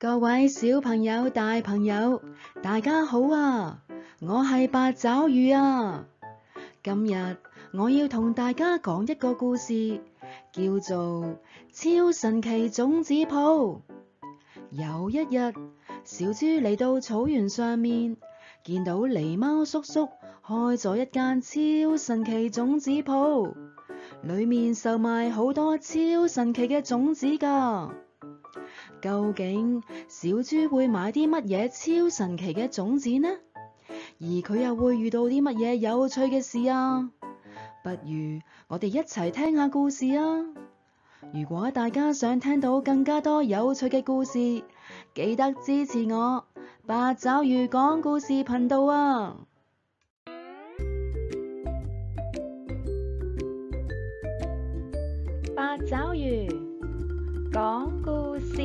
各位小朋友、大朋友，大家好啊！我係八爪魚啊！今日我要同大家講一個故事，叫做《超神奇種子鋪》。有一日，小豬嚟到草原上面，見到狸貓叔叔開咗一間超神奇種子鋪，裏面售賣好多超神奇嘅種子噶。究竟小豬會買啲乜嘢超神奇嘅種子呢？而佢又會遇到啲乜嘢有趣嘅事啊？不如我哋一齊聽下故事啊！如果大家想聽到更加多有趣嘅故事，記得支持我八爪魚講故事頻道啊！八爪魚。講故事，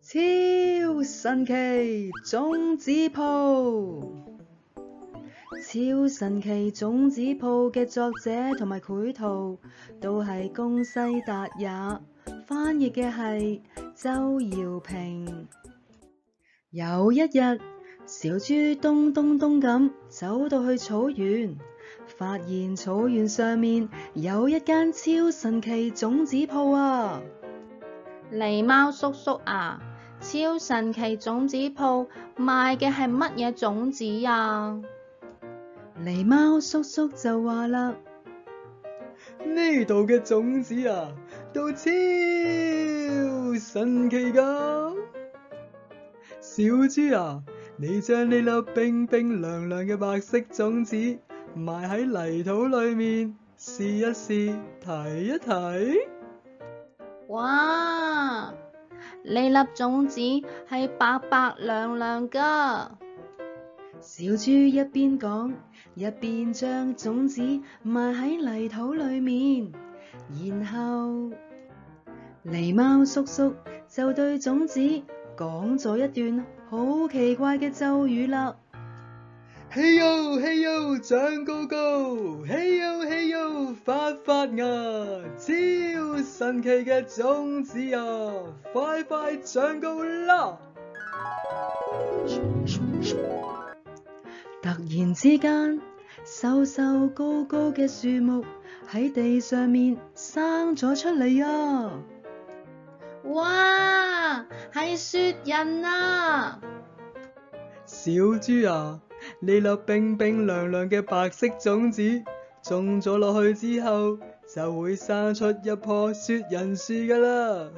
超神奇種子鋪。超神奇種子鋪嘅作者同埋繪圖都係宮西達也，翻譯嘅係周姚萍。有一日，小豬咚咚咚咁走到去草原。發現草原上面有一間超神奇種子鋪啊！狸貓叔叔啊，超神奇種子鋪賣嘅係乜嘢種子啊？狸貓叔叔就話啦：呢度嘅種子啊，都超神奇噶！小豬啊，你將呢粒冰冰涼涼嘅白色種子。埋喺泥土裏面試一試睇一睇。哇！呢粒種子係白白亮亮噶。小豬一邊講，一邊將種子埋喺泥土裏面，然後狸貓叔叔就對種子講咗一段好奇怪嘅咒語啦。嘿喲嘿喲長高高，嘿喲嘿喲發發芽，啊，超神奇嘅種子啊，快快長高啦！突然之間，瘦瘦高高嘅樹木喺地上面生咗出嚟啊！哇，係雪人啊！小豬啊！呢粒冰冰涼涼嘅白色種子種咗落去之後，就會生出一棵雪人樹噶啦。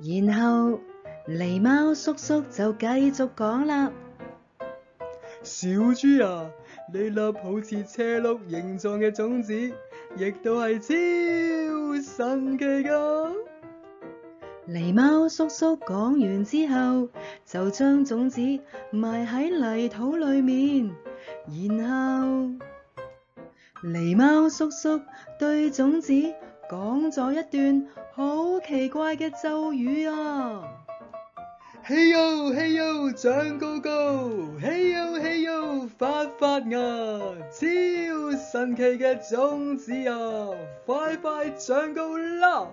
然後狸貓叔叔就繼續講啦：小豬啊，呢粒好似車轆形狀嘅種子，亦都係超神奇噶。狸貓叔叔講完之後，就將種子埋喺泥土裏面。然後，狸貓叔叔對種子講咗一段好奇怪嘅咒語啊！嘿喲嘿喲長高高，嘿喲嘿喲發發芽，超神奇嘅種子啊，快快長高啦！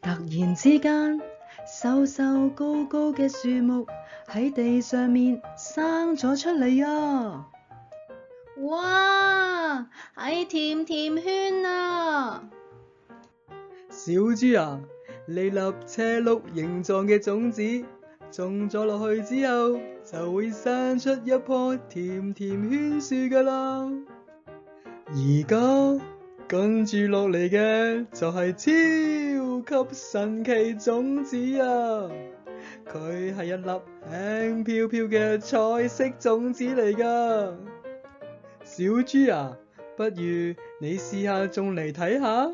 突然之間，瘦瘦高高嘅樹木喺地上面生咗出嚟啊！哇，係甜甜圈啊！小豬啊，你粒車轆形狀嘅種子種咗落去之後，就會生出一棵甜甜圈樹㗎喇。而家。跟住落嚟嘅就係超級神奇種子啊！佢係一粒輕飄飄嘅菜式種子嚟噶。小豬啊，不如你試下種嚟睇下。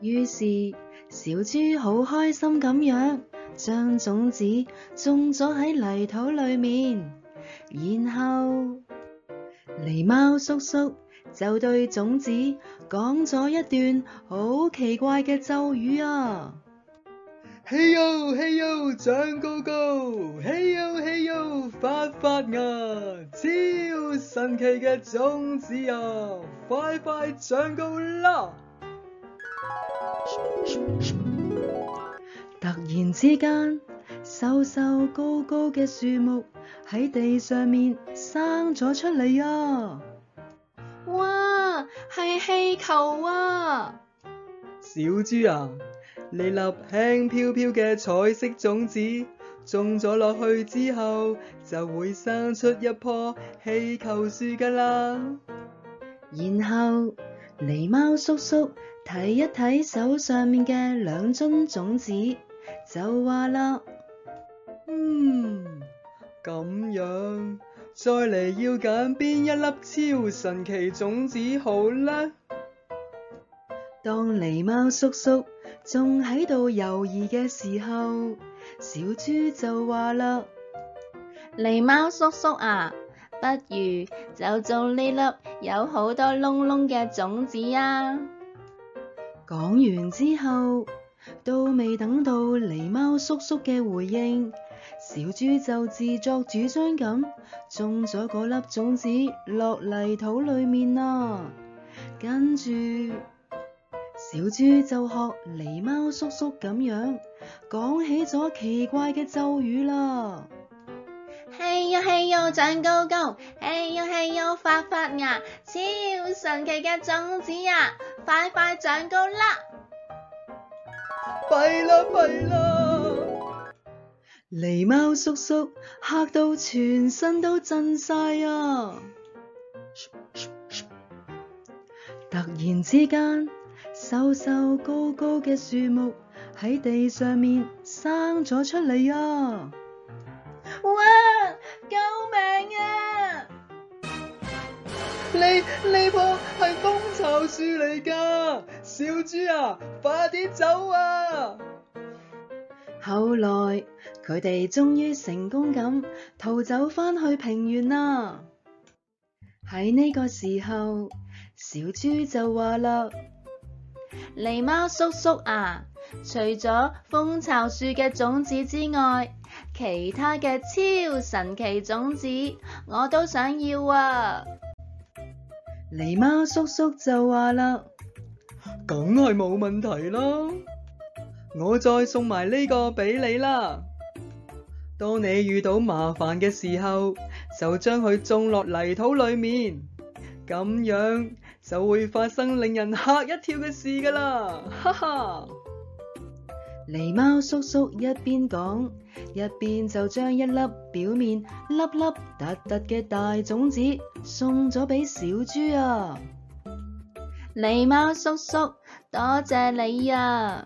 於是小豬好開心咁樣將種子種咗喺泥土裏面，然後狸貓叔叔。就對種子講咗一段好奇怪嘅咒語啊！嘿喲嘿喲長高高，嘿喲嘿喲發發芽，超神奇嘅種子啊，快快長高啦！突然之間，瘦瘦高高嘅樹木喺地上面生咗出嚟啊！哇，係氣球啊！小豬啊，你粒輕飄飄嘅彩色種子種咗落去之後，就會生出一棵氣球樹㗎喇。然後狸貓叔叔睇一睇手上面嘅兩樽種子，就話喇：嗯，咁樣。再嚟要揀邊一粒超神奇種子好咧？當狸貓叔叔仲喺度猶豫嘅時候，小豬就話啦：狸貓叔叔啊，不如就做呢粒有好多窿窿嘅種子啊！講完之後，都未等到狸貓叔叔嘅回應。小豬就自作主張咁種咗嗰粒種子落泥土裏面啦，跟住小豬就學狸貓叔叔咁樣講起咗奇怪嘅咒語啦。嘿喲嘿喲長高高，嘿喲嘿喲發發芽，超神奇嘅種子啊，快快長高啦！弊啦弊啦。狸貓叔叔嚇到全身都震晒啊！突然之間，瘦瘦高高嘅樹木喺地上面生咗出嚟啊！哇！救命啊！呢呢棵係風巢樹嚟噶，小豬啊，快啲走啊！後來。佢哋終於成功咁逃走返去平原啦！喺呢個時候，小豬就話啦：「狸貓叔叔啊，除咗蜂巢樹嘅種子之外，其他嘅超神奇種子我都想要啊！」狸貓叔叔就話啦：「梗係冇問題啦，我再送埋呢個俾你啦！」當你遇到麻煩嘅時候，就將佢種落泥土裏面，咁樣就會發生令人吓一跳嘅事噶啦，哈哈！狸貓叔叔一邊講，一邊就將一粒表面粒粒凸凸嘅大種子送咗俾小豬啊！狸貓叔叔，多謝你啊！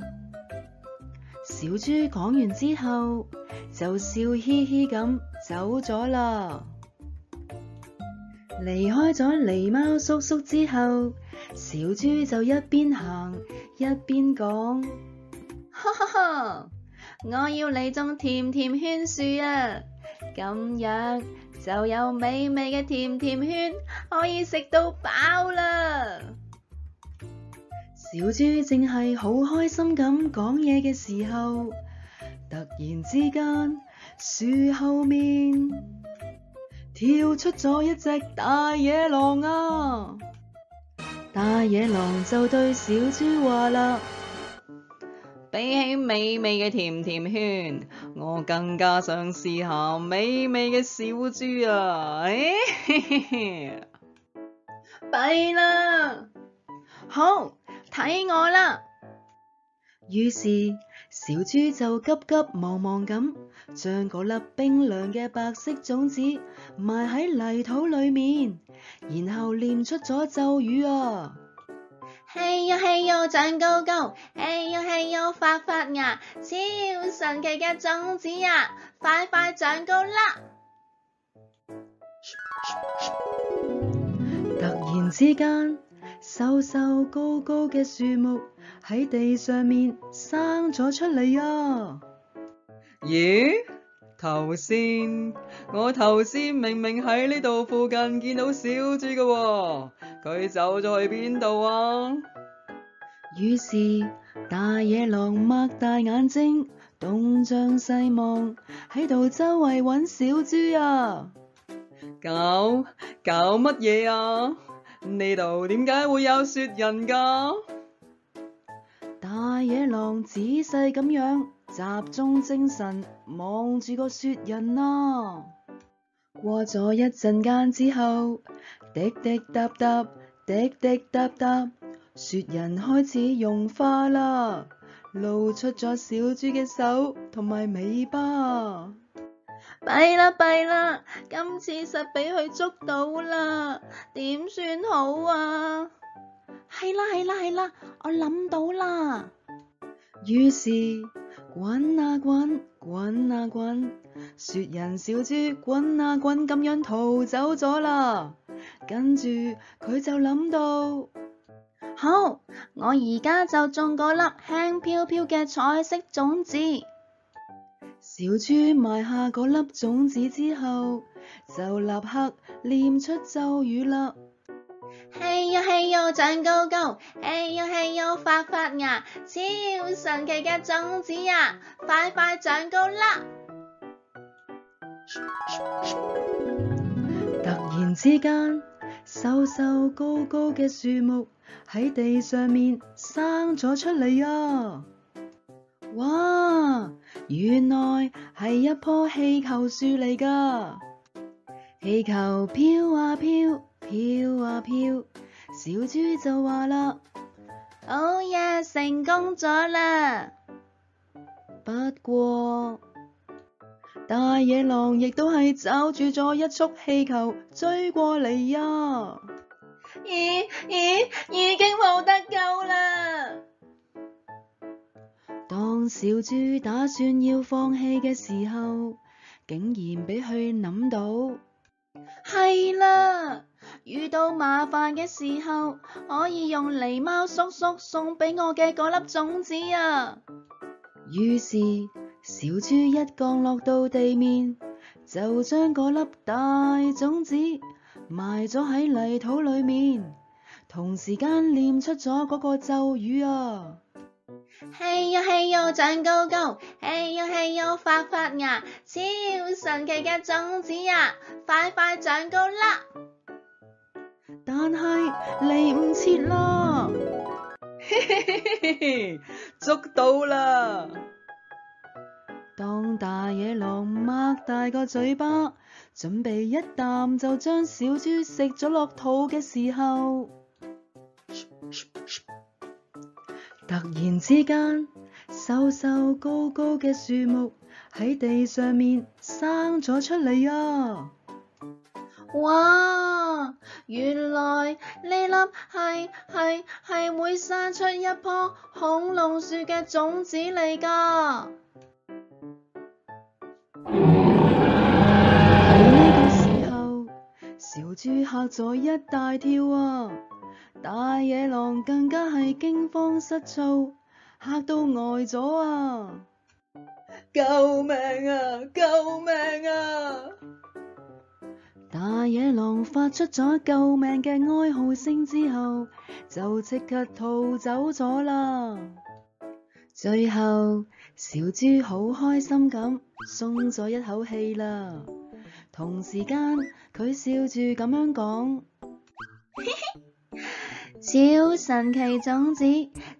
小豬講完之後。就笑嘻嘻咁走咗啦，離開咗狸貓叔叔之後，小豬就一邊行一邊講：，哈哈哈！我要嚟種甜甜圈樹啊，咁樣就有美味嘅甜甜圈可以食到飽啦。小豬正係好開心咁講嘢嘅時候。突然之間，樹後面跳出咗一隻大野狼啊！大野狼就對小豬話啦：，比起美味嘅甜甜圈，我更加想試下美味嘅小豬啊！哎嘿嘿嘿，弊啦，好睇我啦。於是。小豬就急急忙忙咁，將個粒冰涼嘅白色種子埋喺泥土裏面，然後唸出咗咒語啊！嘿喲嘿喲長高高，嘿喲嘿喲發發芽，超神奇嘅種子啊，快快長高啦！突然之間。瘦瘦高高嘅樹木喺地上面生咗出嚟啊！咦，頭先我頭先明明喺呢度附近見到小豬嘅，佢走咗去邊度啊？於是大野狼擘大眼睛，東張西望，喺度周圍搵小豬啊！搞搞乜嘢啊？呢度點解會有雪人噶？大野狼仔細咁樣集中精神望住個雪人啦。過咗一陣間之後，滴滴答答，滴滴答答，雪人開始融化啦，露出咗小豬嘅手同埋尾巴。弊啦弊啦，今次實俾佢捉到啦，點算好啊？係啦係啦係啦，我諗到啦。於是滾啊滾，滾啊滾，雪人小豬滾啊滾咁樣逃走咗啦。跟住佢就諗到，好，我而家就種嗰粒輕飄飄嘅彩色種子。小豬埋下嗰粒種子之後，就立刻念出咒語啦！嘿喲嘿喲，長高高！嘿喲嘿喲，發發芽！超神奇嘅種子呀，快快長高啦！突然之間，瘦瘦高高嘅樹木喺地上面生咗出嚟啊！哇！原來係一棵氣球樹嚟噶氣球飄啊飄，飄啊飄，小豬就話啦：好呀，成功咗啦！不過大野狼亦都係找住咗一束氣球，追過嚟呀，啊！咦咦，已經冇得救啦！當小豬打算要放棄嘅時候，竟然俾佢諗到，係啦，遇到麻煩嘅時候，可以用狸貓叔叔送俾我嘅嗰粒種子啊。於是，小豬一降落到地面，就將嗰粒大種子埋咗喺泥土裏面，同時間念出咗嗰個咒語啊。嘿喲嘿喲長高高，嘿喲嘿喲發發芽，超神奇嘅種子呀，快快長高啦！但係嚟唔切啦，嘿嘿嘿嘿嘿， 捉到啦了！當大野狼擘大個嘴巴，準備一啖就將小豬食咗落肚嘅時候。突然之間，瘦瘦高高嘅樹木喺地上面生咗出嚟啊！哇，原來呢粒係係係會生出一棵恐龍樹嘅種子嚟㗎！喺呢個時候，小豬嚇咗一大跳啊！大野狼更加係驚慌失措，嚇到呆咗啊！救命啊！救命啊！大野狼發出咗救命嘅哀號聲之後，就即刻逃走咗啦。最後，小豬好開心咁鬆咗一口氣啦。同時間，佢笑住咁樣講。 超神奇種子，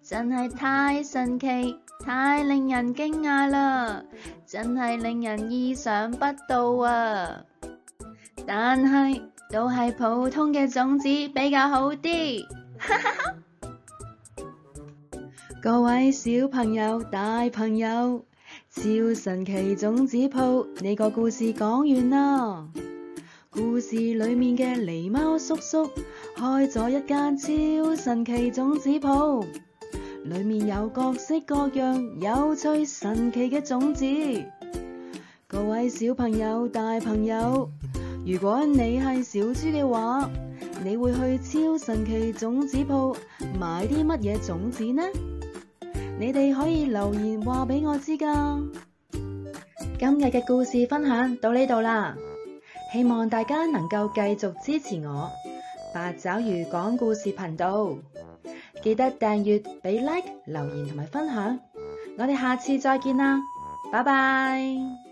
真係太神奇，太令人驚訝啦！真係令人意想不到啊！但係都係普通嘅種子比較好啲。 各位小朋友、大朋友，超神奇種子鋪，你個故事講完啦！故事裏面嘅狸貓叔叔。開咗一間超神奇種子鋪，裏面有各式各樣有趣神奇嘅種子。各位小朋友、大朋友，如果你係小豬嘅話，你會去超神奇種子鋪買啲乜嘢種子呢？你哋可以留言話俾我知㗎。今日嘅故事分享到呢度啦，希望大家能夠繼續支持我。八爪魚講故事頻道，記得訂閱、俾 like、留言同埋分享，我哋下次再見啦，拜拜。